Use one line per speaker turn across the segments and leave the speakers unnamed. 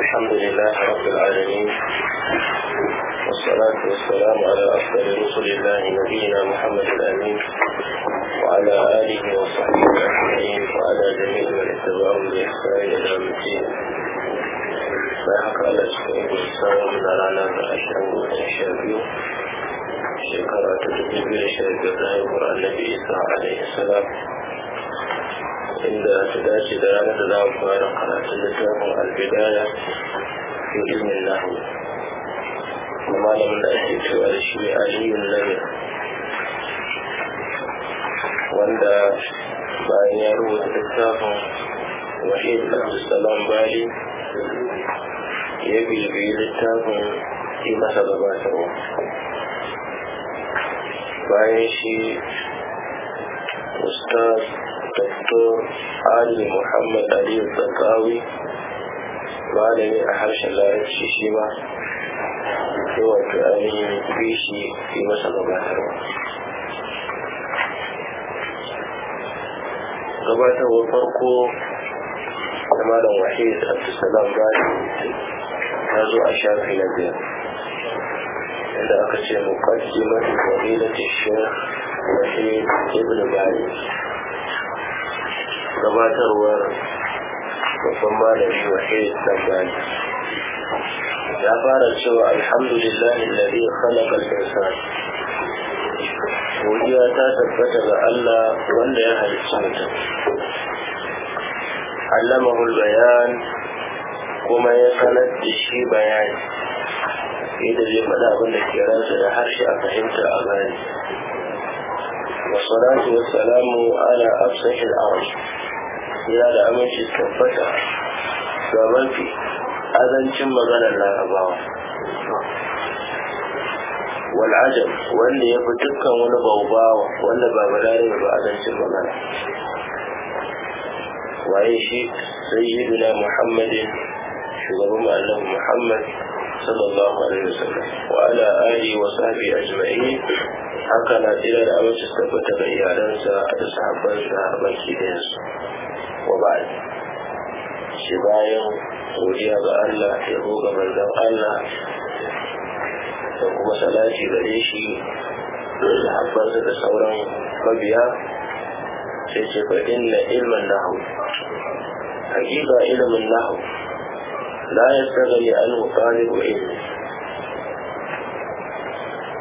الحمد لله رب العالمين والصلاة والسلام على أفضل رسل الله نبينا محمد الأمين وعلى آله وصحبه أجمعين وعلى جميع من اتبعهم بإحسان إلى الدين فحق الأسبوع والسلام على أشهر وأشهر shekara ta dubu biyu da sha biyar na النبي annabi isa alaihi salam inda ta dace da ranar da za mu fara karatun littafin albidaya fi ilmin nahu da malamin da ake cewa da shi aliyun nabi wanda bayan ya rubuta littafin wahid abdulsalam bali ya bibiyi littafin yi masa gabatarwa bayan shi ustaz Dr. Ali Muhammad Aliyu Tsakawi malami a harshen larabci shi ma sai wato ainihin bishi yi masa gabatarwa. Gabatarwar farko da malam Wahid Abdulsalam Bani ta zo a shafi na biyar. Inda aka ce mu muƙaddimatul fadilati Sheikh Wahid Ibn Bani gabatarwar babban malam wahid tambani ya fara cewa alhamdulillahi alladhi khalaqa al-insan godiya ta tabbata ga Allah wanda ya halicci mutum allamahu bayan kuma ya sanar da shi bayani yadda zai faɗa abin da ke ransa da harshe a fahimta a gani wasu salatu wasu salamu ala afsahil arshi ya da aminci tabbata ga mafi azancin maganar larabawa wal'ajab wanda ya fi dukkan wani baubawa wanda ba balare ba azancin magana waye shi sayyidina muhammadin shugaban annabi muhammad sallallahu alaihi wasallam wa ala alihi wa sahbihi ajma'in haka na tsira da aminci tabbata ga iyalansa da sahabbansa baki ɗayansu a shi bayan godiya ga Allah ya ga manzon Allah da kuma salati gare shi da habbansa da sauran mabiya sai ce ba inna ilman nahu hakika ilmin nahu la yastaghni anhu talib ilmi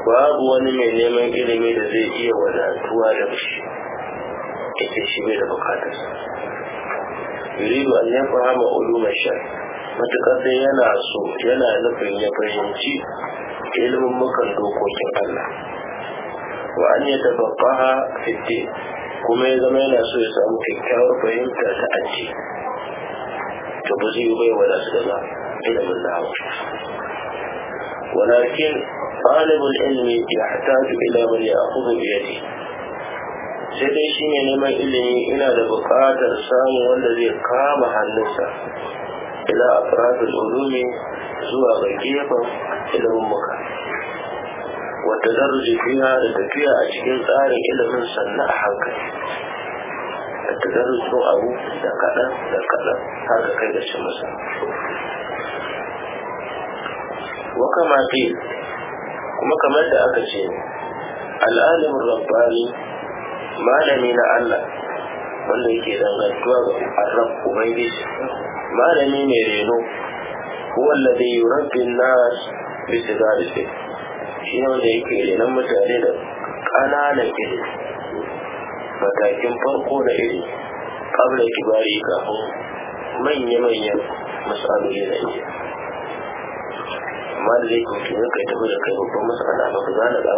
babu wani mai neman ilimi da zai iya wadatuwa da shi ita shi mai da bukatarsa yuridu an yafhama uluma shar matuƙar sai yana so yana nufin ya fahimci ilimin mukan dokokin Allah wa an ya tabaqaha fitte kuma ya zama yana so ya samu kyakkyawar fahimta ta aji to ba zai bai wada su da ilimin nawa ولكن طالب العلم يحتاج إلى من يأخذ بيده sai dai shi ne neman ilimi ina da buƙatar samun wanda zai kama hannunsa ila a farafin ulumi zuwa ga gefen ilimin muka wata zarji fiya da tafiya a cikin tsarin ilimin sannan a hankali wata tazarrufin abu da kaɗan da kaɗan har da kai da shi masa wakamati kuma kamar da aka ce al'alimin rabbani malami na Allah wanda yake dangantuwa ga arab ubangiji malami mai reno huwa alladhi yurabbi an-nas bi sigarisi shi ne wanda yake renon mutane da ƙananan iri matakin farko da iri kabla kibari kafin manya-manyan matsaloli na iya amma da zai kuma kai ta da kai babban matsala ba ku zana ba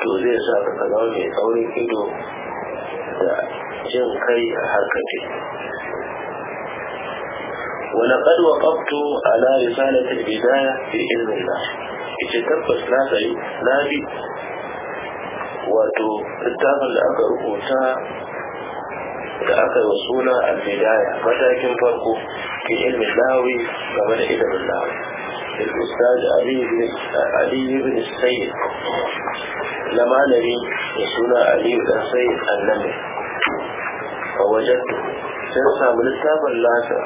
to zai sa ka zama mai tsaurin ido da jin kai a harkace ولقد وقفت على رسالة البداية بإذن الله ita tabbas na tsayi na bi wato littafin da aka rubuta da aka yi suna al-bidaya matakin farko ke ilmin lawi game da ilimin lawi الأستاذ علي بن علي بن السيد لما نبي رسول علي بن السيد النمر فوجدت سنسى من التاب اللاسة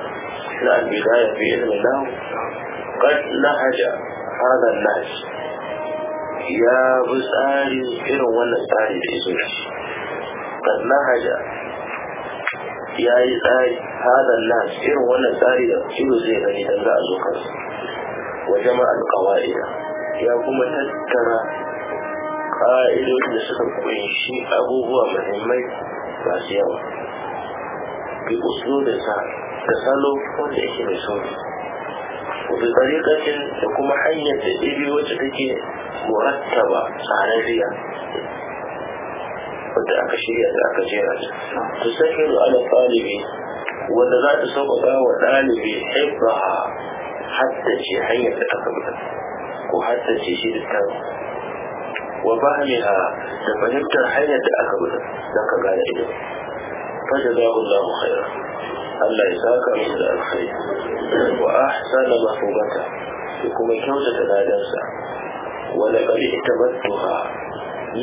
لا البداية بإذن الله قد نهج هذا النهج يا بسالي إلو ولا سالي بإذن قد نهج يا yi هذا الناس nas irin wannan tsari da kiro zai wa jama alƙawa'ida ya kuma tattara ƙa'idodin da suka kunshi abubuwa muhimmai masu yawa bi usulin sa da salo wanda yake mai sauki wato tsarikacin da kuma hanyar da ibi wacce take murattaba tsararriya wadda aka shirya da aka jera ta sahiru ala ɗalibi wanda za ta sauƙaƙa wa ɗalibi haifaha حتى شي حي تقبل وحتى شي شي تقبل وبعدها تفنيت حي تقبل ذاك قال إيه فجزاه الله خيرا الله يساك من الخير وأحسن مفوقته يكون كوزة نادسة ولقد اعتمدتها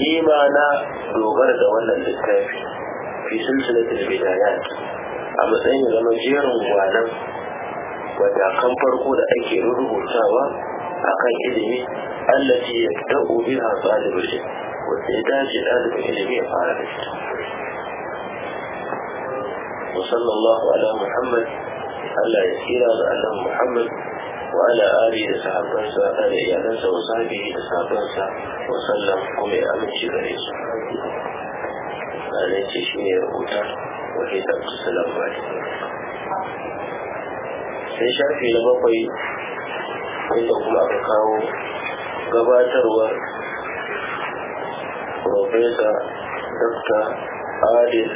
لما أنا دوغر ولا للكافي في سلسلة البدايات أما سيني لما جيرهم وعلمهم matakan farko da ake rubutawa akan ilimi allaci ya ta obi na ɗalibin shi wanda ya dace ɗalibin ilimi ya fara da shi وصلى الله على محمد ألا يسير على محمد وعلى آله لصحابته آل إيالنسا وصحبه لصحابته وسلم قم أمن شبريس عليك شمير أوتار وهي تبقى السلام عليكم sai shafi na bakwai inda kuma aka kawo gabatarwar profesa dr adil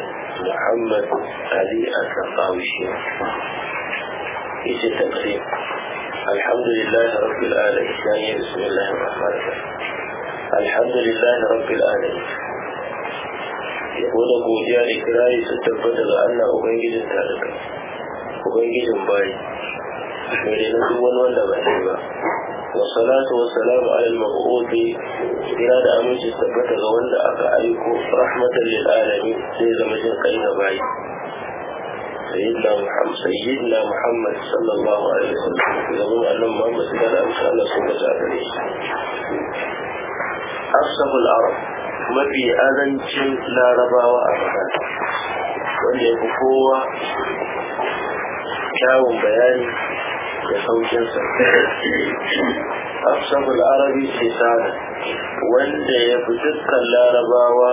muhammad ali al-sakawishi ita tafsir الحمد لله رب العالمين ثانية بسم الله الرحمن الرحيم الحمد لله رب العالمين يقول أبو جاري كراي ستبدل أن أبنجد التالك أبنجد باي da duk wani wanda ba sai ba wa salatu wa salamu ala al-mabu'udi da aminci tabbata ga wanda aka aiko rahmatan lil alamin sai zama jin kai da bayi sayyidina muhammad sayyidina sallallahu alaihi wasallam da mu annabi muhammad sallallahu alaihi wasallam sun gaza da shi asabul mafi azancin larabawa a ƙasar wanda ya fi kowa kyawun bayani da saukinsa asabul arabi sisana wanda ya fi dukkan larabawa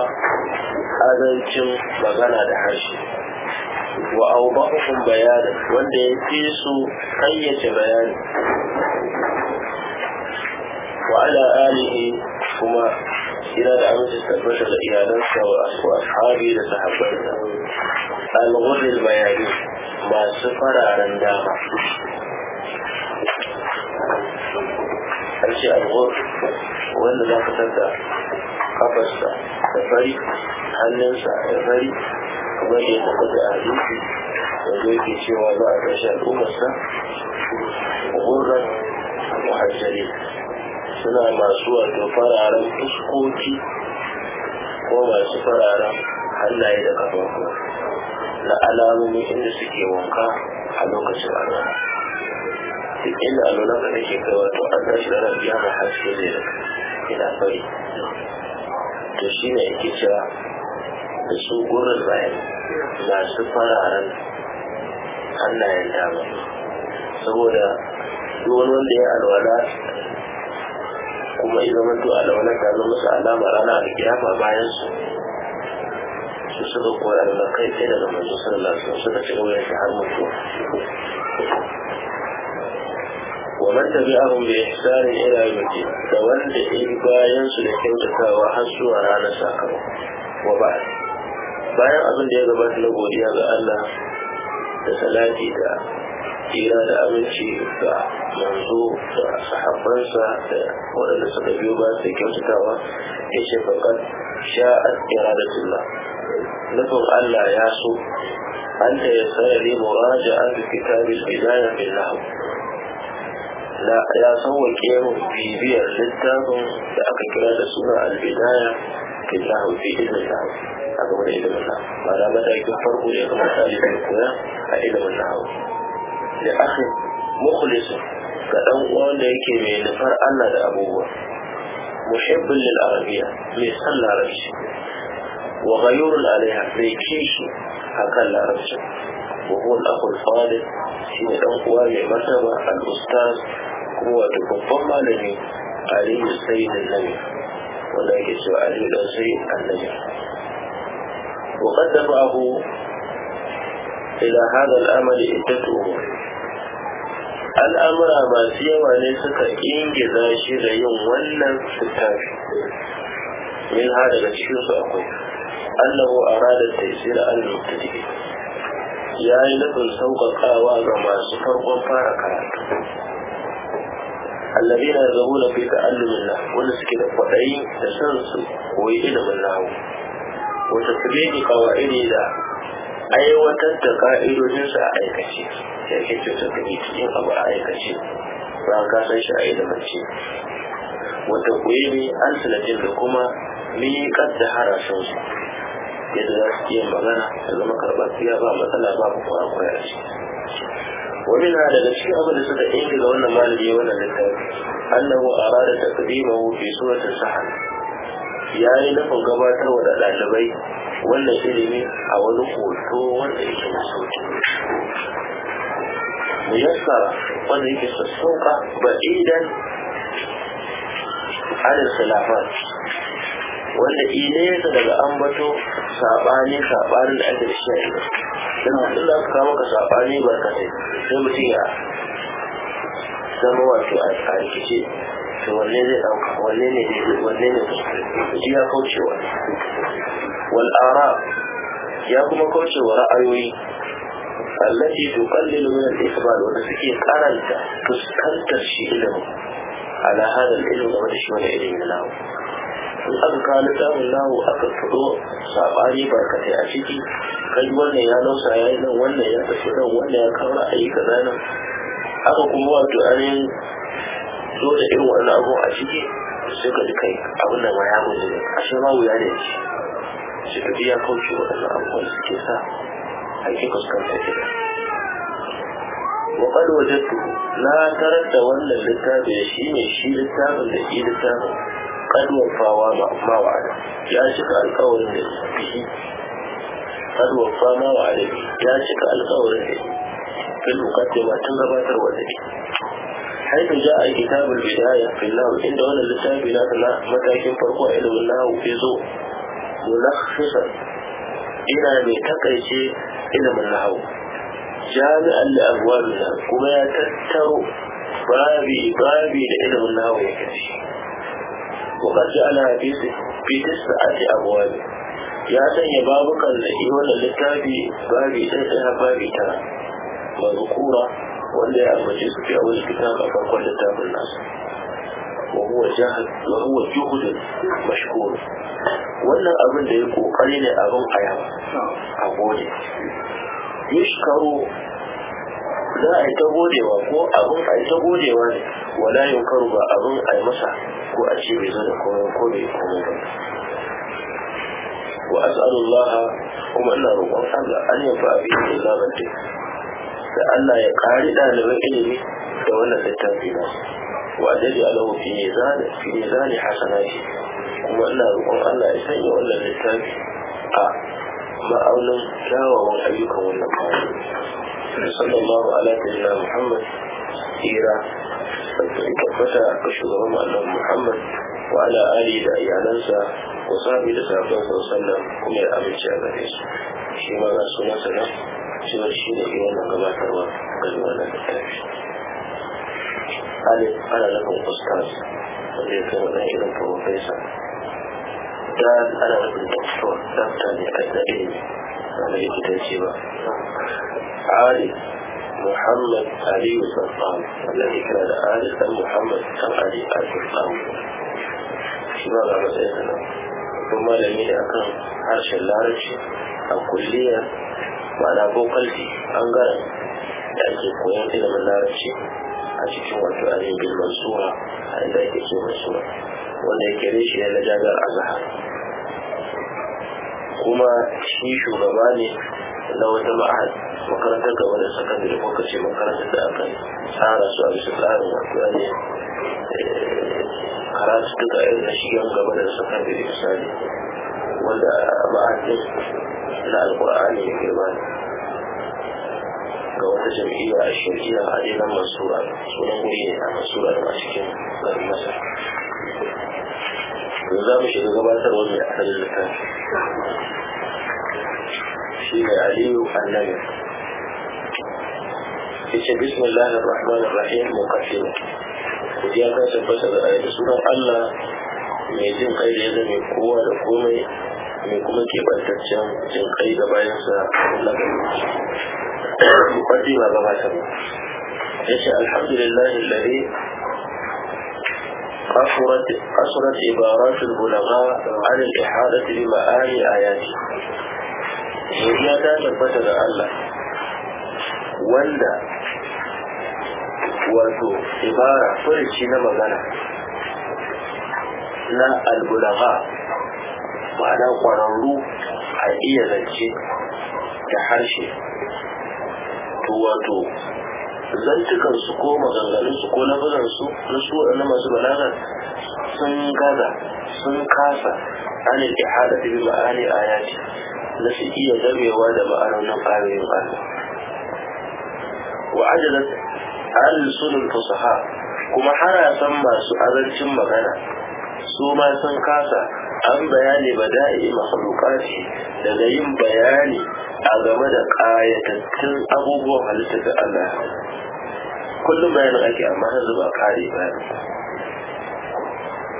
adalcin magana da harshe wa aubahun bayani wanda ya fi su kayyace bayani wa ala alihi kuma yana da aminci tabbatar da iyalansa wa asu ashabi da sahabbansa al-ghurr bayani masu fararen dama an ce alwar wanda za ka sanda kafarsa da fari hannunsa da fari kamar da ya tabbata a da zai yake cewa za a tashi al'ummarsa gurran muhajjari suna masu wato fararen fuskoki ko masu fararen hannaye da kafafu na alamomi inda suke wanka a lokacin azara illa alwala ba nake kai wato an tashi da rafi ya har sai zai ina fari to shi ne yake cewa da su gurin bayan masu fararen hannayen dama saboda duk wani wanda ya alwala kuma ya zama to alwala ta zama masa alama rana alkiyama bayan su su suka koyar da kai sai daga manzo sallallahu alaihi wasallam suka ci gaba da har mutuwa ومن تبعهم بإحسان إلى يوم الدين فولد إبا ينسل كيوتك وحسوا على ساكر وبعد bayan abin da ya gabata na godiya ga Allah da salati da tsira da abinci ga manzo da sahabbansa da waɗanda suka biyo ba su kyautatawa ya ce faƙar sha'ar iradatullah nufin Allah ya so an ya sarari muraja an da kitabin bidaya bin lahu Da ya sauwaƙe mu bibiyar littafin da aka kira da suna albidaya ke lahu fi ilmin lahu a gaba da ilimin lahu ma'ana matakin farko da ya kamata a ilimin koya a ilimin lahu da akhin mukhlisin ga dan uwan da yake mai nufar Allah da abubuwa muhibbin lil arabiya mai san larabci wa ghayurun alaiha mai kishi akan larabci وهو الأخ الفاضل في الأقوال مرتبة الأستاذ kowa da babban malami aliyu sai da nabi wanda yake cewa aliyu dan sai annabi وقد دفعه إلى هذا الأمل عدة أمور al'amura masu yawa ne suka ingiza shi da yin wannan littafi min ha daga cikin su akwai allahu a radar taisir al-mubtadi ya yi nufin sauƙaƙawa ga masu farkon fara karatu الذين يرغبون في تعلم النحو ونسكي لفعي تسنس koyi ilimin نحو وتسبيق قوائد إذا aiwatar da ka'idojinsa a aikace ya ke cutar da ke cikin abu a aikace ba ka san shi a ilimance wata kuyi ne an silatin da kuma miƙar da harashinsu yadda za su iya magana da zama karɓar ba matsala ba ku kwarakwara a ciki wani na daga cikin abin da suka ingiza wannan malami wannan littafi annahu arada taqdimahu fi surati sahal ya yi nufin gabatar wa da ɗalibai wannan ilimi a wani hoto wanda yake masauki muyassara wanda yake sassauka ba'idan alin silafat wanda inesa daga ambato saɓani saɓanin da ake da shi a don mutum da aka kawo maka saɓani barkatai sai mutum ya zama wato a rikice to wanne zai ɗauka wanne ne wanne ne ji ya kaucewa wal'ara ya kuma kaucewa ra'ayoyi allati tuqallilu min al-isbal wanda suke karanta fuskantar shi ilimin ala hada ilimin game da shi wani ilimin nawa an aka kawo littafin nahu aka fito saɓani barkatai a ciki kai wannan ya lausa ya yi nan wannan ya tafi nan wannan ya kawo ra'ayi kaza nan aka kuma wato yi zo da irin wannan abu a ciki sai ka ji kai abin nan ma ya gudu ne a shi ma wuya ne shi shi ta biya kauce waɗannan abubuwan suke sa ake fuskantar gida وقد wannan littafin ترد shi للتابع shi littafin da لشيء littafin. kalmurfawa ma ma wa'ada ya cika alkawarin da bihi kalmurfa ma wa'ada ya cika alkawarin da fil mukatte ma tun gabatar wa da hai da ja'a kitabul bidaya fil nahw inda wannan littafi na da matakin farko a ilimin nahw ke zo mulakhisa ina ne takaice ilimin nahw jami'an da abuwa kuma ya tattaro babi babi da ilimin nahw ya kashe وقد جعل حديثه في تسعة أبواب يا سني بابك الإيمان للتابي بابي تسعة بابي ترى مذكورة ولا المجلس في أول الكتاب أفرق لتاب الناس وهو جهل وهو جهد مشكور wannan abin da ya kokari ne abin a yawa a gode yishkaro za a yi ta godewa ko abin a yi ta godewa ne wala yin karu ba abin a yi masa ko a ce bai zo da komai ko bai komai ba wa as'alullaha kuma ina roƙon Allah an yi fa abin da zamanta da Allah ya kari ɗaliban ilimi da wannan littafi na wa ajaji alahu fi mizani fi mizani hasanati kuma ina roƙon Allah ya sanya wannan littafi a ma'aunin kyawawan ayyukan wannan kawai صلى Allahu ala sayyidina Muhammad tsira tabbata ga shugaban annabi Muhammad wa ala ali da iyalansa ko sabi da sabon sallan kuma ya amince a gare su shi ma ga sunan sa nan shi ne shi ne wannan gabatarwa ga wannan littafi alif ana nufin ustaz wanda ya kai wannan irin professor dan ana nufin doctor doctor ne a ilimi mai fitarci ba ari muhammad ali musulman wanda ne kira da ari san muhammad san ali al-sultan shi ba ga matsayin sa nan malami ne akan harshen larabci a kulliya ma'ana ko kalfi bangaren da ake koyon ilimin larabci a cikin wato ainihin bilmansura a inda ake ke wanda ya kere shi ya gaja ga azahar kuma shi shugaba ne na wata ma'ahad makarantar gaba da sakandare ko kace makarantar da aka tsara su a bisa tsarin wato ne eh, karatu duka da shi shigen gaba da sakandare misali wanda ma'ahadin na alkur'ani ya girma ne ga wata jam'iyya a shirya a jiran masura sunan guri ne a masura da cikin garin masar za mu shiga gabatar wani a kan littafi shi ne aliyu annabi yace na rahmanir rahim muqaddima ya ka tabbata da ayatu sunan Allah mai jin kai da yadda mai kowa da komai mai kuma kebantaccen jin kai da bayansa lagari muqaddima gabatar ce alhamdulillahi alladhi قصرت قصرت عبارات العلماء عن الإحاطة بمعاني آياته وهي تثبت الله wanda wato ibara furici na magana na albulama ma'ana ƙwararru a iya zance da harshe to wato zantukan su ko maganganun su ko lafazan su na su waɗannan masu balaga sun gaza sun kasa anil ihada bi ma'ani ayati na su iya zamewa da ma'anonin ƙarin Allah wa ajalat al-sunan fusaha kuma san masu azancin magana su ma sun kasa an bayani ba bada'i makhluqati daga yin bayani a game da ƙayatattun abubuwan halittar da Allah kullum bayanin ake amma har zuba kare bayanin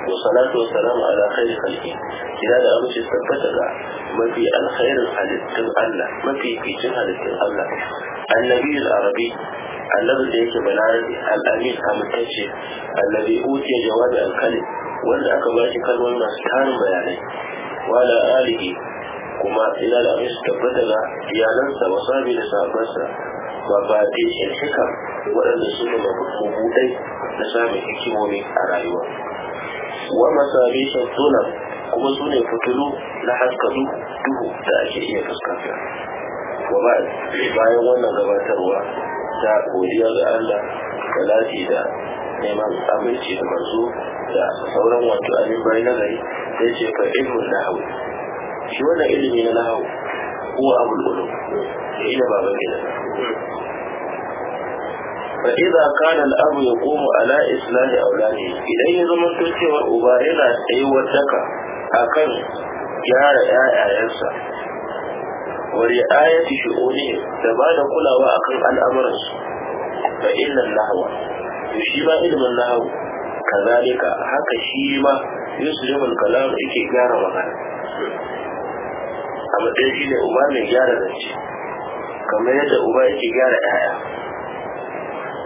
wasalatu wasalamu ala khairi khalqi kira da amince tabbata ga mafi alkhairin halittun Allah mafi kicin halittun Allah annabi al-arabi annabi da yake balarabi al-amin amintacce annabi uke jawabi al-kalim wanda aka ba shi kalmomi masu tarin bayanai wala alihi kuma ila da amince tabbata ga iyalansa wasabi da sahabbansa ba ba dai hikam waɗanda suka mabu buɗai da samun hikimomi a rayuwa wa masabishin sunan kuma su ne fitilu na haska duhu da ake iya fuskanta wa bayan wannan gabatarwa ta godiya ga Allah da lati da neman aminci da manzo da sauran wato ainihin na gari sai ce fa ilmin nahawu shi wannan ilimi na nahawu هو أبو الألوم إلى باب الجنة فإذا كان الأب يقوم على إصلاح أولاده إذا يزمن تسوى أبارنا أيوتك أكن جار آيانسا ورعاية شؤونه تبان كل وأكن الأمر فإن النحو يشيب علم النحو كذلك حق الشيب يسلم الكلام إكي جار مغانا a matsayin shi ne uba mai gyara zance kamar yadda uba yake gyara 'ya'ya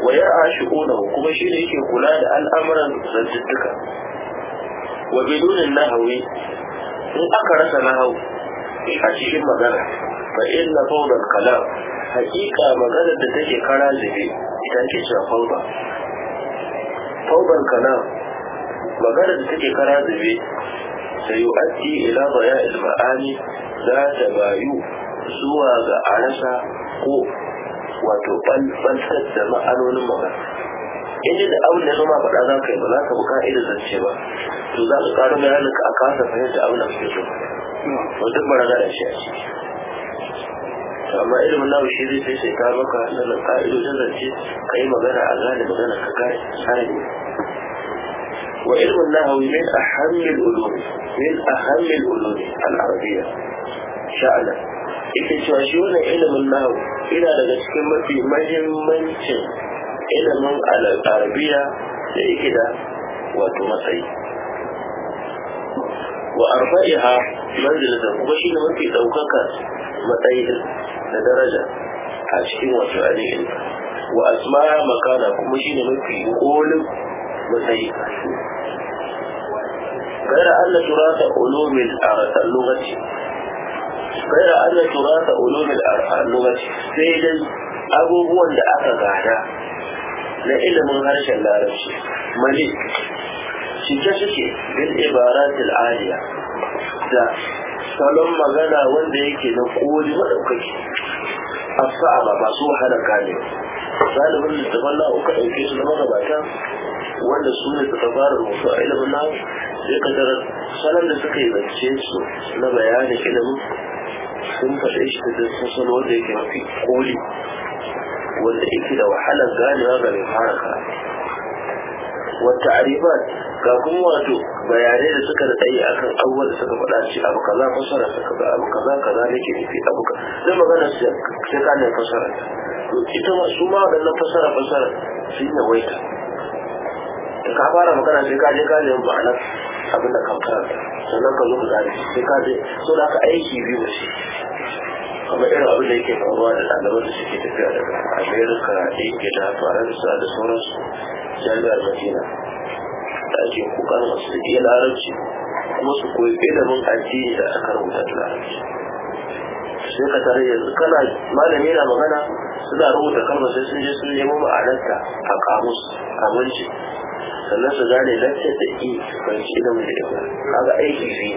wa ya ashi kuma shi ne yake kula da al'amuran zantuttuka wa bidunin nahawi in aka rasa nahau a cikin magana fa inna fawdal kalam haƙiƙa magana da take kara zube ita ce cewa fawda fawdal kalam magana da take kara zube sai yu'addi ila baya'il ma'ani zata bayu zuwa ga arasa ko wato ɓantar da ma'anonin magana in ji da abin da zama faɗa za ka yi ba za ka buka ka'idar zance ba to za ka ƙaro bayanin ka a kasa fahimta abin da kake so ba bara mara a shi a ciki amma ilimin nawa shi zai sai ta maka na ka'idojin zance ka yi magana a gane magana ka gane tsari وعلم النحو من أهم min a أهم العلوم العربية sha'ana ita ce shi wannan ilimin nahu ina daga cikin mafi muhimmanci ilimin al arabiya da yake da wato matsayi wa arba'iha manzilatan kuma shi ne mafi daukaka matsayi da daraja a cikin wato ainihin wa asma makana kuma shi ne mafi kolin matsayi غير أن تراث علوم اللغة غير أن تراث علوم sai dai abubuwan da aka gada na ilimin harshen larabci malik cike suke bil ibaratil aliya da salon magana wanda yake na koli maɗaukaki as-sa'aba ba su wahala gane da littafan na uka ɗauke su na magabata wanda su ne suka fara rubutu a ilimin na sai ka salon da suka yi zance su na bayanin ilimin sun faɗe shi da sassan wanda yake mafi koli wanda yake da wahalar ganewa ga mai fara karatu wata arifat ga kuma wato bayanai da suka daɗe yi akan abubuwa da suka faɗa ce abu kaza fasara suka ga abu kaza kaza nake nufi abu ka zai magana sai ka ne fasara ita ma su ma waɗannan fasara fasara sun yi yawaita da ka fara magana sai ka je ka nemi ma'anar abin da ka fara, sannan ka zo ka gane sai ka je so da aka aiki biyu da shi kuma irin abin da yake faruwa da ɗaliban da suke tafiya daga amerika ingila faransa da sauransu jami'ar madina da ake wasu da iya larabci kuma su koyi ilimin addini da aka rubuta da larabci sai ka tare yanzu kana malami na magana suna rubuta kalmar sai sun je sun nemo ma'anarta a kamus a mulki sannan su gane lantar da i fahimci ilimin da ya kaga aiki ne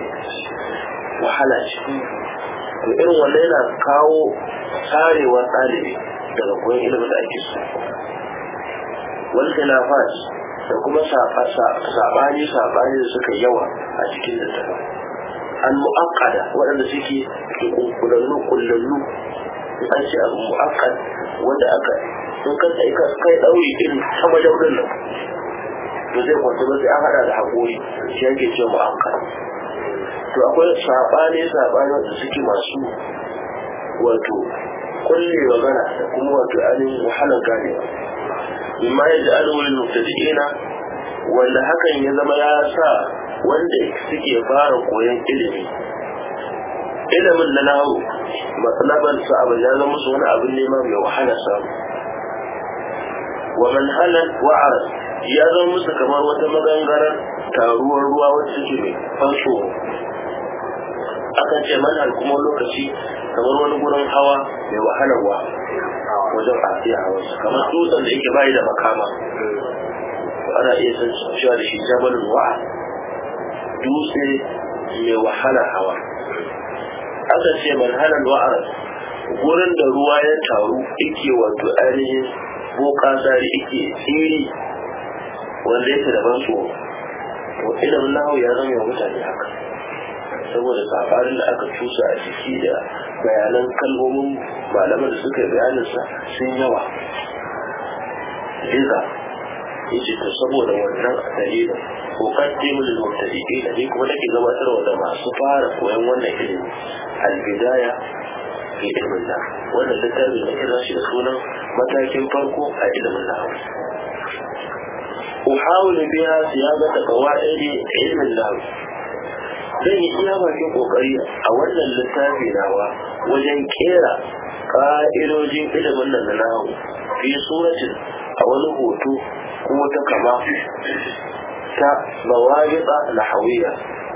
wahala ce to irin wannan yana kawo tsarewar ɗalibi daga koyon ilimin da ake so na fas da kuma saɓani saɓani da suka yawa a cikin littafin an mu'akkada waɗanda suke kullallu kullallu an ce abu mu'akkad wanda aka sun kan sai kai ɗauri irin ta wajen nan to zai kwanta ba sai an haɗa da haƙori shi yake ce mu'akkad to akwai saɓane saɓane wanda suke masu wato kulle magana da kuma wato ainihin wahalar gari. imma ya ji alwulin mutadina wanda hakan ya zama ya sa wanda suke fara koyon ilimi ilimin na nahu matsalaban su abin ya zama musu wani abin nema mai wahala samu wa manhalan wa'ar ya zama musu kamar wata magangarar taruwar ruwa wacce ke mai fanso akan ce mana kuma lokaci kamar wani gurin hawa mai wahalarwa wajen a wasu kamar dutsen da yake bayi da makama ana iya san cewa da shi jabalin wa'a dutse mai wahalar hawa akan ce manhalar wa'ar gurin da ruwa ya taru ike wato ainihin boka zari ike tsiri wanda yake da ban tsoro to ilimin nahu ya zama mutane haka saboda safarin da aka cusa a ciki da bayanan kalmomin malaman da suka bayaninsa sun yawa liza yace to saboda wannan dalilin ko kaddimu lil mubtadi'in ne kuma take gabatarwa da masu fara koyon wannan ilimi al-bidaya fi ilmin da wannan littafin da kira shi da sunan matakin farko a ilimin da أحاول بها صياغة قواعد علم النحو zan yi iya bakin kokari a wannan littafi nawa wajen kera ka'idojin ilimin nan na nahu fi suratin a wani hoto ko ta kama ta na nahawiya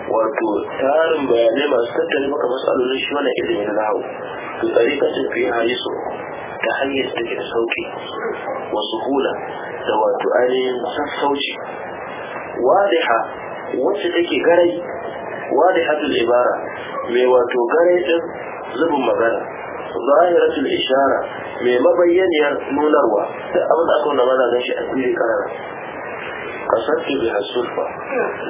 wato tarin bayanai masu tattare maka matsalolin shi wani ilimin nahu to tsarika sun fi su ta hanyar da ke sauƙi wasu hula da wato ainihin sassauci wadiha wacce take garai wadihatul ibara mai wato gare din zubin magana zahiratul ishara mai mabayyaniyar nunarwa da abin da aka nuna mana gan shi a fili karara kasarki bi hasufa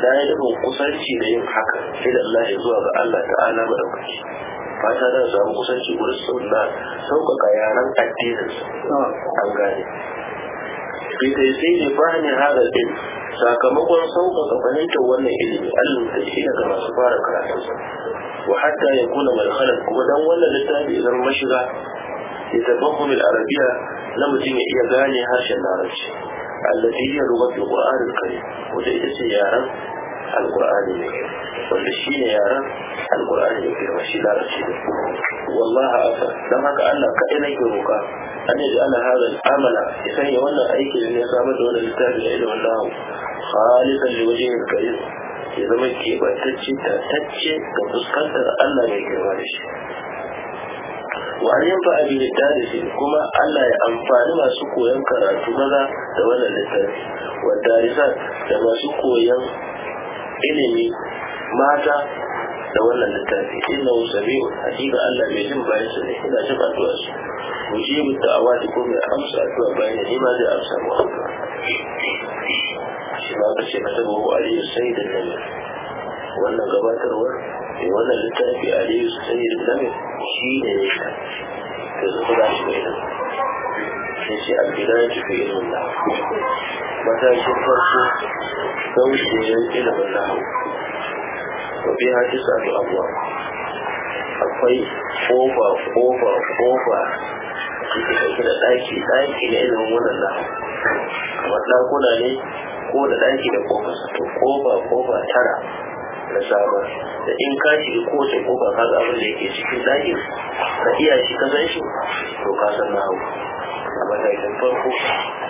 da ya dafa kusanci da yin haka ila Allah ya zuwa ga Allah ta'ala madaukaki fata da samu kusanci gurin sunna sauƙaƙa yaran addininsa an gane fi taysiri fahmi hadha hada din sakamakon sauƙaƙa fahimtar wannan ilimi allah ta shi daga masu fara karatunsa wa hatta ya kuna malhalar kuma dan wannan littafi idan mashiga ya tabbahum al-arabiya na mutum ya iya gane harshen larabci allati hiya lughatu al-qur'an al-karim wanda ita ce yaran al-qur'ani ne wanda shi ne yaran al-qur'ani ne kuma shi larabci ne Wallaha afa dan haka Allah kadai nake roka an yi ana hada amala ya sanya wannan aiki da ya samar da wannan littafi ya ilimin nahu khalisan li wajen karin ya zama ta tattacce ga fuskantar Allah mai girma da shi wa an yanfa abin littafi kuma Allah ya amfani masu koyon karatu maza da wannan littafi wa darisa da masu koyon ilimi mata da wannan littafi inna wasabi hakika Allah mai jin bayan su ne ina jin addu'a su mujibu da'awati ko mai amsa addu'a bayan ni ma zai amsa mu shi ka ce mata babu aliyu sai da wannan gabatarwar mai wannan littafi aliyu sai da nabi shi ne ya sha ta zafi da shi mai nan sai ce albina ya tafi na farko gaushewa ilimin na hau akwai kofa kofa kofa shi ke ɗauke da ɗaki ɗaki na ilimin wannan na kamar ɗakuna ne ko da ɗaki da kofa to kofa kofa tara na samar da in ka shiga kowace kofa ka ga abin da yake cikin ɗakin ka iya shi ka san shi to ka san na hau a matakin farko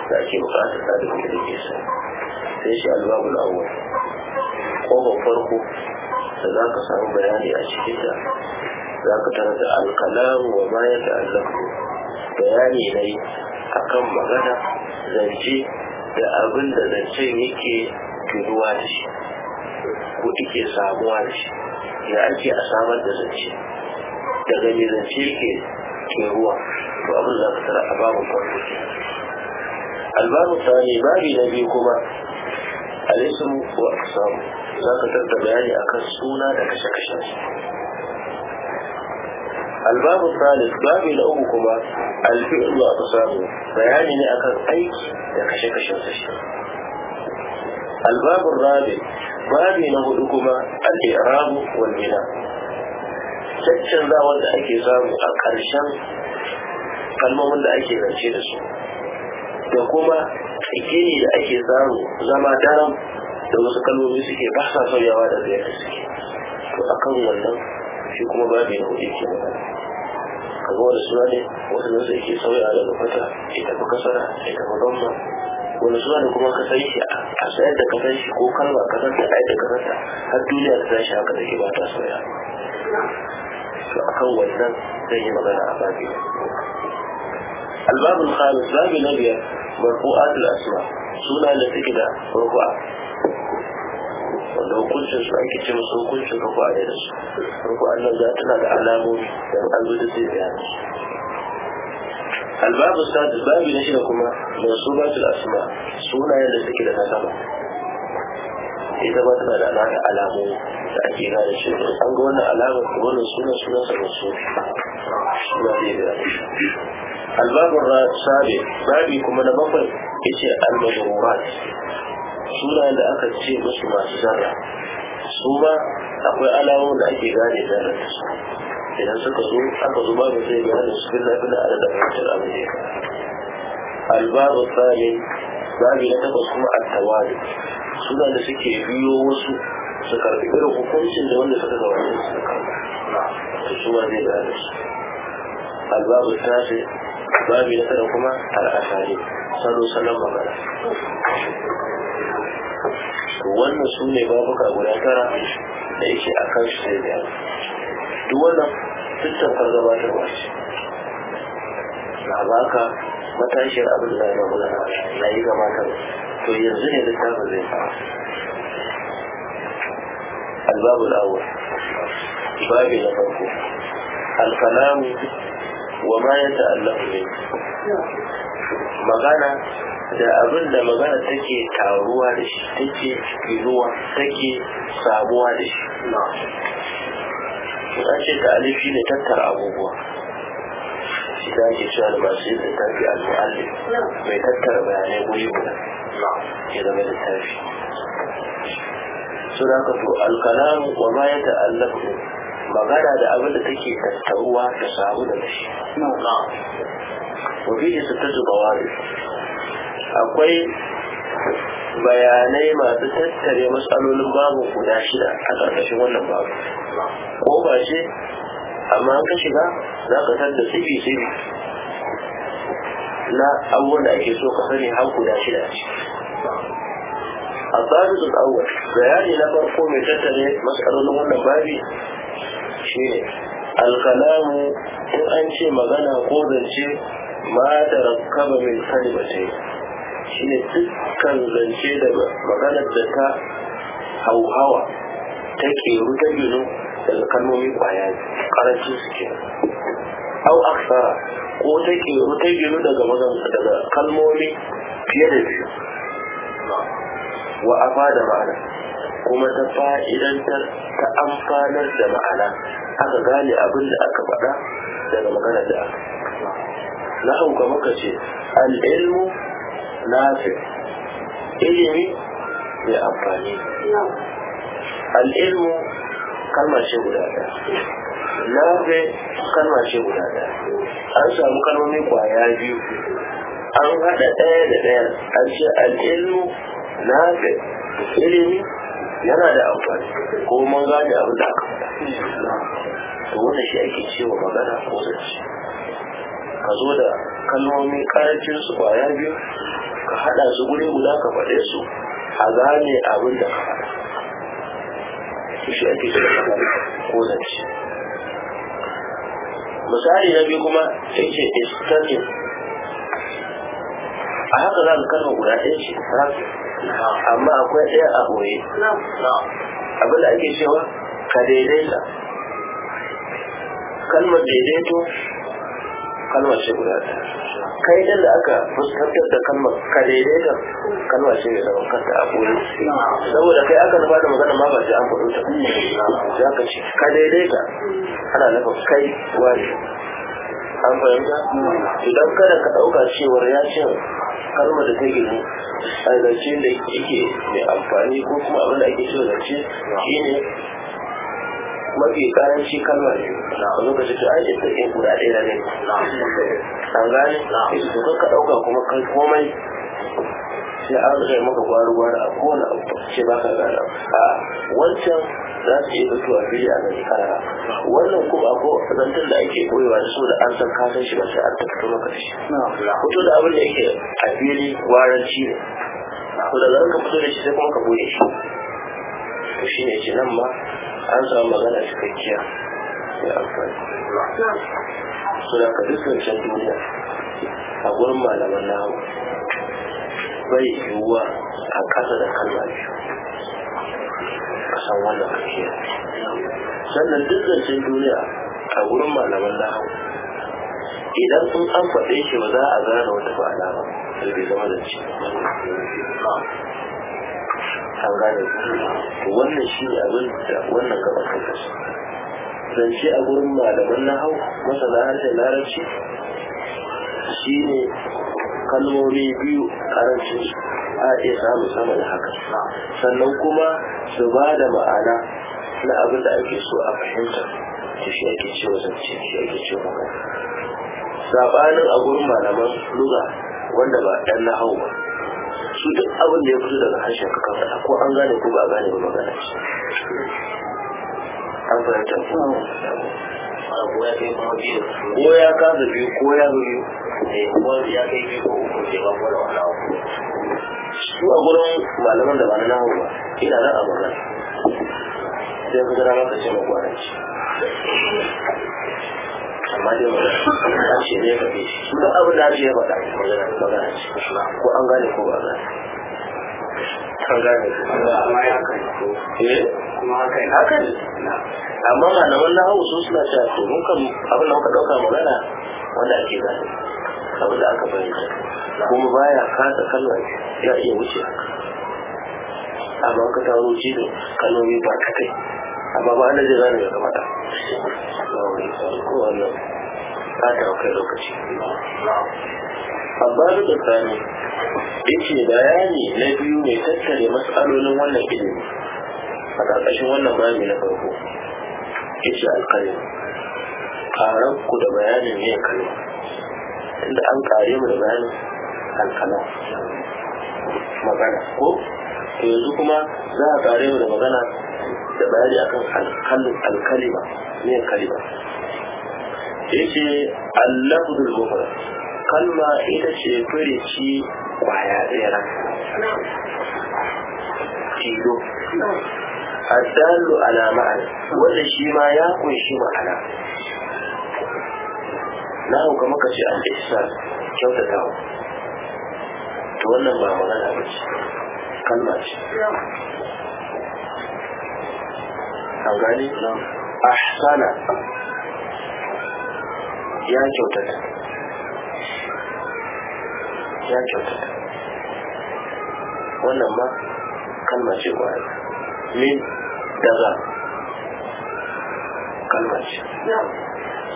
da ake buƙatar ta da kuɗi da ke sa sai shi na awwal kofar farko da za ka samu bayani a cikin cikinta za ka tarar da alkalamu wa bayan da ta'allaku bayani na yi a kan magana zance da abin da zancen yake turuwa da shi ko ke samuwa da shi ya ake a samar da zance daga mai zance ke turuwa to abin za ka tara a babu farko ke albabu ne babi na biyu kuma alisun ko aksamu za ka tattara bayani akan suna da kashe-kashen albabu salis babu na uku kuma alfi'il wa aqsamu bayani ne akan aiki da kashe kashen sa shi albabu rabi babu na hudu kuma al-i'rab wal bina caccanzawar da ake samu a ƙarshen kalmomin da ake zance da su da kuma gini da ake samu zama daram da wasu kalmomi suke ba sa da biyar suke to wannan shi kuma babu yana hudu ke magana kaga wani suna ne wanda zai ke sauya daga fata ya tafi kasara ya tafi gamba wani suna ne kuma ka san shi a sayar da ka san shi ko kalma ka san ta da ka san ta har duniya ta san shi haka take ba ta sauya to akan wannan zai yi magana a babu na biyar باب asma suna da suke da رفوعات wanda hukuncin su ake ce musu hukuncin rufu a da su rufu Allah za tana da alamomi da albudu zai su. albabu sadis babu na shida kuma masu batul asma sunayen da suke da nasaba ita ba tana da alaƙa alamomi da ake gane shi an ga wannan alamar wannan sunan suna sa masu suna zai su. albabu sabi babi kuma na bakwai ya yace al-majrurat sunayen da aka ce musu masu zarra su ma akwai alamomin da ake gane zarra da su idan suka zo aka zo babu zai gane su bin lafi na adadin fahimtar abu ne albabu tsari babi na takwas kuma altawali suna da suke biyo wasu su karɓi irin hukuncin da wanda suka gabatar su da karɓa su ma zai gane su albabu tsari babi na tara kuma al'asari salo salon magana wannan su ne babuka guda tara da yake a kan shi sai da duk wannan tattaukar gabatarwa ce na baka matashiyar abin da ya magana na yi gabatar to yanzu ne littafin zai fara الباب farko. باب wa الكلام وما يتألق منه magana da abin da magana take taruwa da shi take filuwa take sabuwa da shi na ce ta alifi ne tattara abubuwa shi da ake cewa da masu yin littafi a muallim mai tattara bayanai guri guda ya zama littafi Su ka to alkalam wa ma ya ta'allaku magana da abin da take tattaruwa da sabu da shi wa ta zuba bawabi akwai bayanai masu tattare matsalolin babu guda shida a ƙarƙashin wannan babu ko ba ce amma an ka shiga za ka san da tsibi tsibi na abubuwan da ake so ka sani har guda shida ce a tsarin su tsawon bayani na farko mai tattare matsalolin wannan babi shine alkalamu in an ce magana ko zance ma da rakkaba mai sani ba ce shine dukkan zance da maganar da ta hauhawa ta ke rute gino daga kalmomi kwaya karancin su ke au aksara ko ta ke rute gino daga magansa daga kalmomi fiye da biyu wa afa da ma'ana kuma ta fa'idantar ta amfanar da ma'ana aka gane abin da aka faɗa daga maganar da aka na hauka maka ce al'ilmu nafi ilimi mai amfani al'ilmu kalmar ce guda ɗaya nafi kalmar ce guda ɗaya an samu kalmomi kwaya biyu an haɗa ɗaya da ɗaya an ce al'ilmu nafi ilimi yana da amfani ko mun gane abin da aka faɗa to wanda shi ake cewa magana ko zance ka zo da kalmomi karancin su kwaya biyu ka hada su guri guda ka faɗe su a gane abin da ka faɗa shi ake ko da shi misali na biyu kuma yake istatin a haka za ka kalma guda ɗaya ce amma akwai ɗaya a ɓoye abin da ake cewa ka daidaita kalmar daidaito kalmar guda ta kai da aka fuskantar da kalmar ka daidaita kalmar ce mai zaman kanta a kuri saboda kai aka nufa da magana ma ba sai an faɗo ta za ka ce ka daidaita ana nufin kai wani an fahimta idan kada ka ɗauka cewar ya ce kalmar da ta gini a zance da yake mai amfani ko kuma abin da ake cewa zance shi ne mafi karanci kalmar a lokacin to ai da in guda ɗaya ne an gane to kan ka ɗauka kuma kan komai sai an rage maka gwaru gwaru a kowane abu ce ba ka gane a wancan za su iya fitowa fili a gani karara wannan kuma akwai zantar da ake koyewa da su da an san kasan shi ba sai an tattaro maka da shi fito da abin da yake a fili gwaranci ne ko da zan ka fito da shi sai kuma ka bude shi to shine ce nan ma an samu magana cikakkiya ya amfani su da kaɗi can duniya a gurin malaman nawa bai yiwuwa a ƙasa da kalma Kasan a san wannan kashiyar sannan duk zancen duniya a gurin malaman nawa idan sun an faɗe shi ba za a gane wata ba'ala ba sai bai zama zance an gane to wannan shi ne abin da wannan gaba kan kasu zance a gurin malaman na hau masa na harshen larabci shi ne kalmomi biyu karancin a iya samun sama da haka sannan kuma su ba da ma'ana na abin da ake so a fahimta ta shi ake ce zance shi ake ce magana sabanin a gurin malaman luga wanda ba ɗan na hau ba su duk abin da ya fito daga harshen ka kafa ko an gane ko ba a gane ba magana ce an fahimta ko ko ya kasa biyu ko ya zo biyu eh, ko ya kai biyu ko uku ce ba ko da wani abu su a gurin malaman da ba na nahu ba ina nan a magana sai ka gara maka ce ma kwananci amma dai ba an ce ne ka fice su da abin da ya faɗa magana magana ce ko an gane ko ba gane an gane amma ya kan ko eh? kuma haka ne haka ne amma malaman wannan hawo sun suna cewa to mun kan abin da muka dauka magana wanda ake gane abin da aka bayyana kuma baya kasa kalmar ya iya wuce haka amma ka taro jido kalmomi ba katai amma ba na jira ne ga kamata. aure ko wannan ta kai lokaci amma duk da tsani yake bayani na biyu mai tattare matsalolin wannan ilimi a ƙarƙashin wannan bayani na farko yake alƙalin ƙaran ku da bayanin ne kalma inda an ƙare mu da bayanin alƙala magana ko to yanzu kuma za a ƙare mu da magana da bayani akan halin alkalima ne kalima yace allahu bil mufrad kalma ita ce ci kwaya ɗaya ran tilo addalu ala ma'ana wanda shi ma ya kunshi ma'ana na hauka maka ce an isa kyautatawa to wannan ba magana ba ce kalma ce an a ahsana ya kyautata ya kyautata wannan ma kalma ce kwaya min daga kalma ce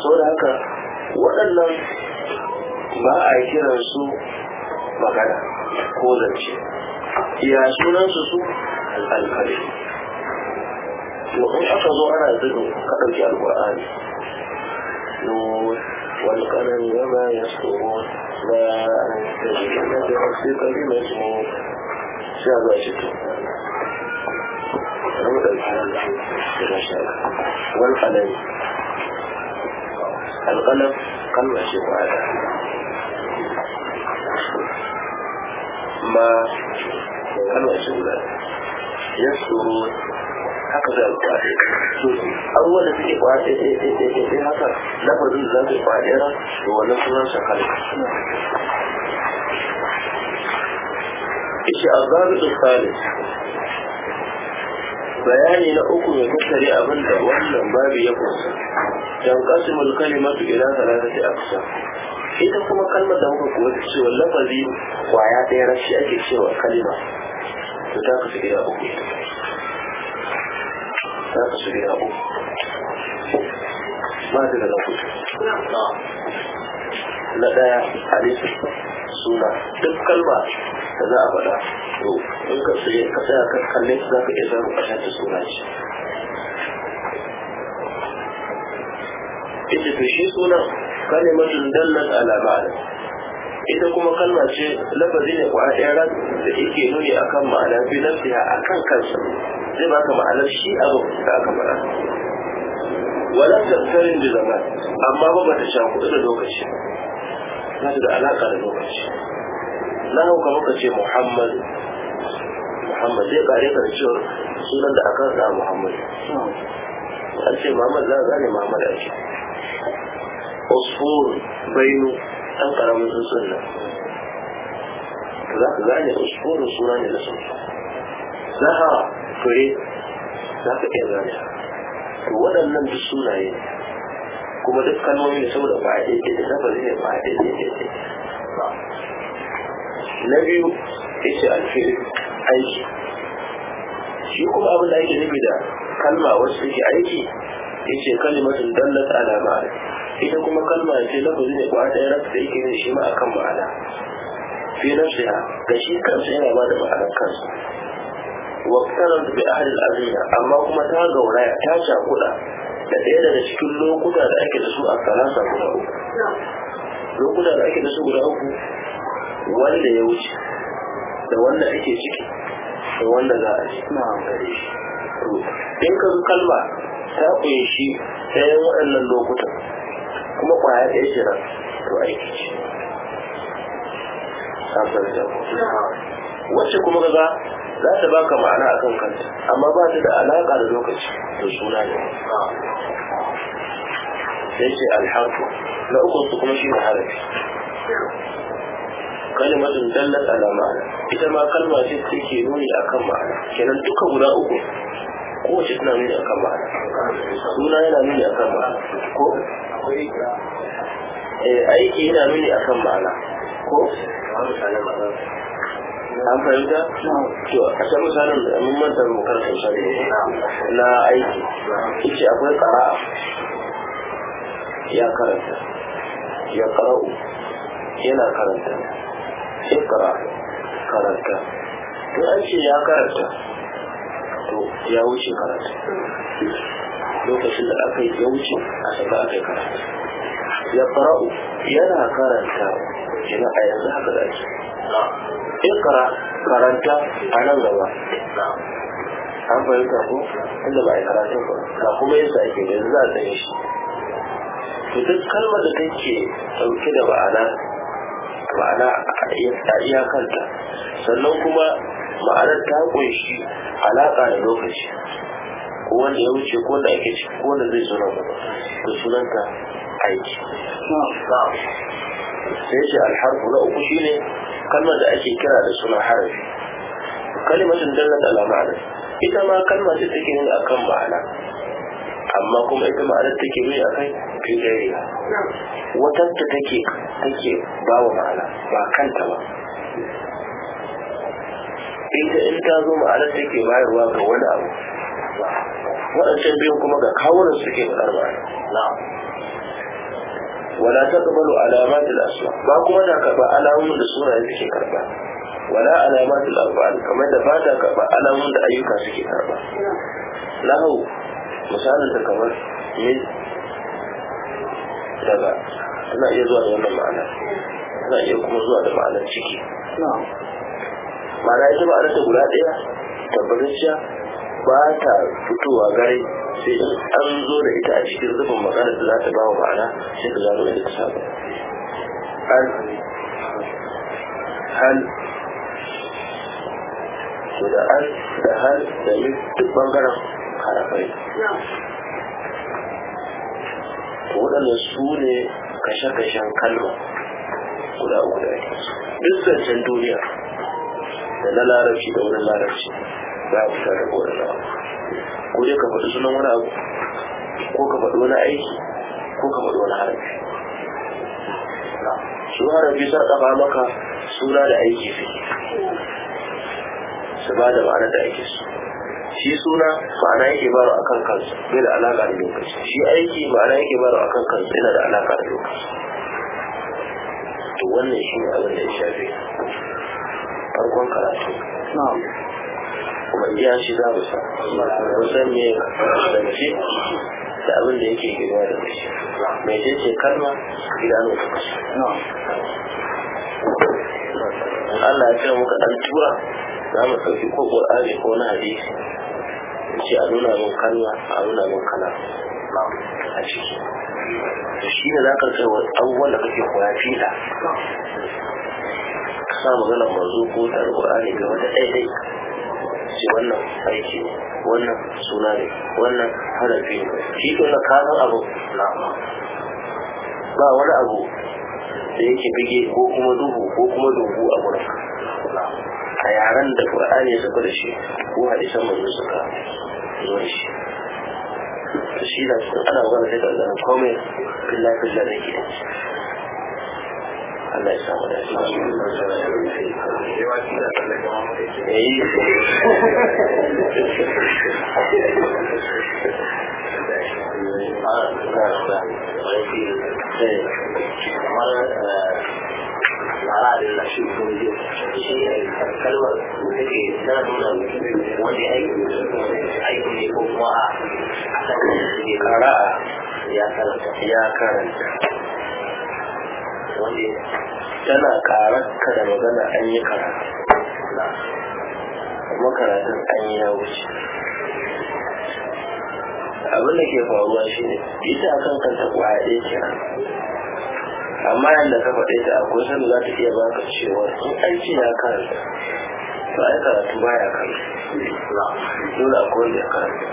so da haka waɗannan ba a kiran su magana ko zance iya sunansu su alƙalƙari wani aka zo ana zirin ka ɗauki alƙur'ani no wani ƙanan yana ya tsoro na yana da wasu ƙari na su sha za shi tun ɗan ɗauki da shi wani ƙanan alƙalam kalmar shi ba ma kalmar shi ba ya tsoro haka za a rubuta a so abubuwan da suke ba ɗaya ɗaya ɗaya ɗaya ɗaya haka lafazin za su ba ɗaya da wannan sunan sa kare ishe a zaɓi ɗin bayani na uku mai tattare abin da wannan babu ya kusa don kasimul kalimatu ila talatati kusa, ita kuma kalmar da muka kuwa ta cewa lafazi kwaya ɗaya rashi ake cewa kalima to ta kasu gida uku ita za su yi abu ba da lafu na daya alif suna duk kalma da za a faɗa to in ka tsaye ka tsaya ka kalle su za ka iya zama ƙasar da suna ce ita ce shi sunan kalimatun dallat ala ma'ana ita kuma kalma ce lafazi ne kwa ɗaya da yake nuni akan ma'ana fi nafsiha akan kansa zai baka ma'anar shi a ba da aka mara? wala tattarin da zama amma ba ba ta sha kuɗi da lokaci ba da alaƙa da lokaci na hau muka ka ce muhammad muhammad zai kare ka da cewa sunan da aka sa muhammad an ce muhammad za a gane muhammad a ce usfur bainu ɗan ƙaramin tsuntsun nan za ka gane usfur suna ne da tsuntsun zahara fure za ka iya gane to waɗannan duk sunaye kuma duk kalmomi saboda ba a daidai da zafa zai ba a daidai na biyu ya ce aiki shi kuma abin da ake nufi da kalma wasu suke aiki ya ce kalimatun dallat ala ma'ana ita kuma kalma ce lafazi zai ba ɗaya rafi da yake yin shi ma akan ma'ana fi ha ga shi kansa yana ba da ma'anar kansa waktarar bi ahli al'azina amma kuma ta gauraya ta shakuda da ɗaya daga cikin lokuta da ake da su a faransa guda uku lokuta da ake da su guda uku wanda ya wuce da wanda ake ciki da wanda za a ci na hankali shi in ka zo kalma ta kunshi ɗayan waɗannan lokutan kuma ƙwaya ɗaya jira to aiki ce wacce kuma ga za ta baka ma'ana a kan kanta amma ba ta da alaƙa da lokaci da suna ne sai ce alhaku na uku su kuma shi ne harafi kalmatin dallar alama ma'ana ita ma kalma ce ta ke nuni a kan ma'ana kenan duka guda uku kowace tana nuni a kan ma'ana suna yana nuni a kan ma'ana ko eh, aiki yana nuni a kan ma'ana ko an fahimta to a can misalin da mun manta mu kan misali na aiki yace akwai ƙara, ya karanta ya qara'u yana karanta Ya ƙara, karanta to an ce ya karanta to ya wuce karanta lokacin da aka yi ya wuce a saka aka yi karanta ya qara'u yana karanta yana a yanzu haka da ake ikra karanta a nan gaba an fahimta ko inda ba a yi karatun ba ka kuma sa ake yanzu za a tsaye shi to duk kalmar da take ɗauke da ma'ana ma'ana a iyakanta sannan kuma ma'anar ta kunshi alaƙa da lokaci ko wanda ya wuce ko wanda ake ciki ko wanda zai zo ba, gaba to sunanta aiki sai shi alharfu na uku shine kalmar da ake kira da suna harafi kalimatin dallat ala ma'ana ita ma kalma ce take nuna kan ma'ana amma kuma ita ma'anar take nuna akan fidariya wata ta take take ba wa ma'ana ba kanta ba ita in ta zo ma'anar take bayarwa ga wani abu waɗancan biyun kuma ga kawunan suke faɗar ma'ana wala taqbalu alamat al-asma ba kuma da karba alamun da sunaye suke karba wala alamat al-af'al kamar da ba karba alamun da ayyuka suke karba lahu misalin da kamar min daga tana iya zuwa da wannan ma'ana tana iya kuma zuwa da ma'anar ciki ma'ana ita ma'anar ta guda ɗaya tabbatacciya ba ta fitowa gare ce an zo da ita a cikin zubin magana da za ta ba wa ma'ana sai ka zaro da kasa ba hal hal to da an da hal da yi duk bangaren harafai waɗanda su ne kashe-kashen kalma guda uku da ake duk zancen duniya da na larabci da wani larabci za a fitar da wani ko dai ka faɗi sunan wani abu ko ka faɗi wani aiki ko ka faɗi wani harafi su harafi sa ɗaba maka suna da aiki fi su ba da ma'ana da ake su shi suna ma'ana yake baro a kan kansa bai da alaƙa da lokaci shi aiki ma'ana yake baro a kan kansa yana da alaƙa da lokaci to wannan shi ne abin da ya shafe, farkon karatu kuma iya shi za mu san mun san me zance da abin da yake girma da shi mai ce ce kalma idanu ta kasu Allah ya ce muka dan tura za mu ɗauki ko Qur'ani ko na hadisi ce a nuna mun kalma a nuna mun kala a ciki shi ne za ka kai wa abubuwan da kake koya fila ka sa maganar mazu ko ta Qur'ani ga wata ɗaiɗai ce wannan aiki ne wannan suna ne wannan harafi ne shi na kasan abu na ba wani abu da yake bige ko kuma duhu ko kuma dubu a gurin a yaren da Al-Qur'ani ya saka da shi ko hadisan manzo suka zuwa shi shi da ana magana sai da komai billahi billahi Allah ya samu dace kamar lara da shi yi shi wani aiki aiki ne a kan ya karanta ya karanta waje tana kararka da magana an yi karatu kuma karatun an yi ya wuce abin da ke faruwa shi ne ita kan kanta kwaya ɗaya ke amma yadda ka faɗe ta akwai sanda za ta iya baka cewa in an ce ya karanta to ai karatu baya karanta dole akwai wanda ya karanta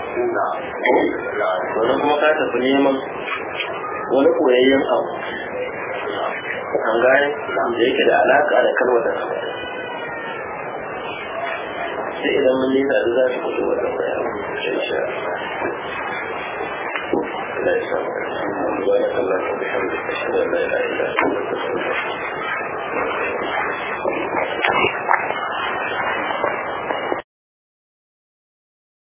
wani kuma ka tafi neman wani koyayyen abu an gane da yake da alaka da kalmar da sai idan mun nisa da za su kudu wadda bayan shansha لا يسامح سبحانك اللهم وبحمدك اشهد ان لا اله الا انت استغفرك